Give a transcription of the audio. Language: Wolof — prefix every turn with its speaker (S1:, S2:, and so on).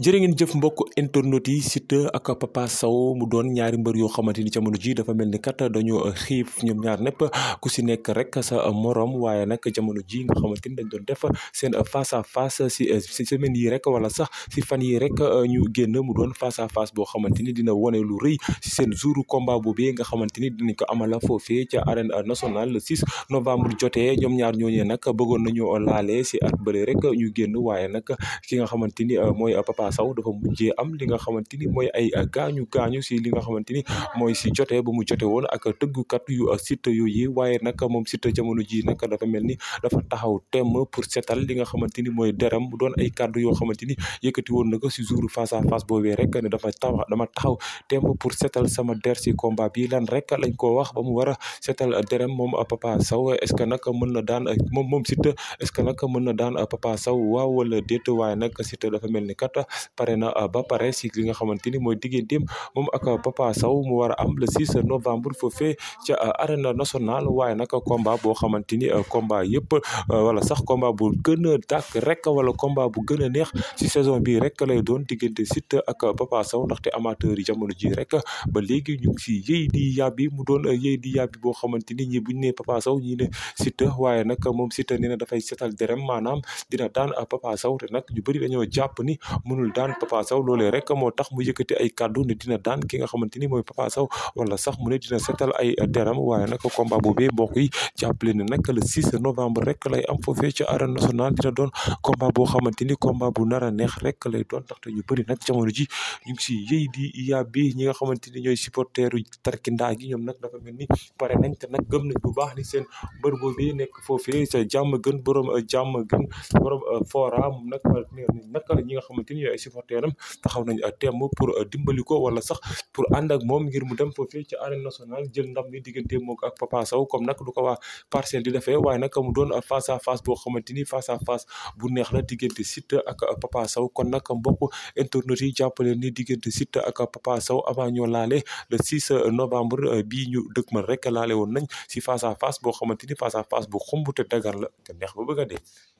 S1: jërë ngeen jëf mbokk internet yi Siteu ak Papa saw mu doon ñaari mbër yoo xamante ni jamono ji dafa mel ni kat dañoo xiif ñoom ñaar ñëpp ku si nekk rek sa morom waaye nag jamono ji nga xamante ni dañ doon def seen face à si si semaine yi rek wala sax si fan yi rek ñu génn mu doon face à boo xamante ni dina wane lu rëy si seen jouru combat boobee nga xamante ni dinañ ko amala foofee ca arène nationale le 6 novembre jotee ñoom ñaar ñooñee nag bëggoon nañu laale si at bëre rek ñu génn waaye nag ki nga xamante ni mooy Papa Papa Sow dafa mujjee am li nga xamante ni mooy ay gaañu si li nga xamante ni mooy si jotee ba mu jote woon ak tëggkat yu Siteu yooyu waaye nag moom Siteu jamono ji nag dafa mel ni dafa taxaw temm pour setal li nga xamante ni mooy deram doon ay kàddu yoo xamante ni yëkkati woon na si jour face à boobee rek ne dafa taxaw dama taxaw temm pour setal sama der si combat bi lan rek lañ ko wax ba mu war a setal derem moom Papa Sow est-ce que nag mën na daan moom moom Siteu est-ce que nag mën na daan Papa Sow waaw wala déet waaye nag Siteu dafa mel ni kat pare na ah, ba pare si li nga xamante ni mooy digganteem moom ak ah, Papa Sow mu war a am le 6 novembre foofee ca ah, arène national waaye nag komba boo xamante ni combat yëpp wala sax combat bu gën a tàkk rek wala combat bu gën a neex si saison bi rek lay doon diggante Siteu ak Papa Sow ndaxte amateur yi jamono ji rek ba léegi ñu ngi si yéy di yàbbi mu doon yéy di yàbbi boo xamante ni ñi buñ ne Papa saw ñi ne Siteu waaye nag moom Siteu nee dafay setal derem maanaam mënul daan Papa Sow loolee rek moo tax mu yëkkati ay kàddu ne dina daan ki nga xamante ni mooy Papa Sow wala sax mu ne dina setal ay deram waaye nag combat boobee mbokk yi jàppale ne nag le 6 novembre rek lay am foofee ci arène nationale dina doon combat boo xamante ni combat bu nar a neex rek lay doon ndaxte ñu bëri nag jamono ji ñu ngi si yëy di yàbbi ñi nga xamante ni ñooy supporteru tarkindaa ñoom nag dafa mel ni pare nañ te nag gëm nañ baax ni seen fora moom nag nag ñi nga xamante ay supporters am taxaw nañ temm pour euh, dimbali ko wala sax pour ànd ak moom ngir mu dem foofii ci a nationale jël ndam li diggante moom ak Papa Sow comme nag du ko waa parcelle di defee waaye nag mu doon face à face xamante ni face à face bu neex la diggante Siteu ak Papa Sow kon nag mbokk internautes yi jàppale ni diggante Siteu ak Papa saw avant ñoo laale le 6 novembre euh, bii ñu dëgmal rek laale woon nañ si face à face boo xamante ni face à face bu xumb te dagar la te neex ba bëgg a dee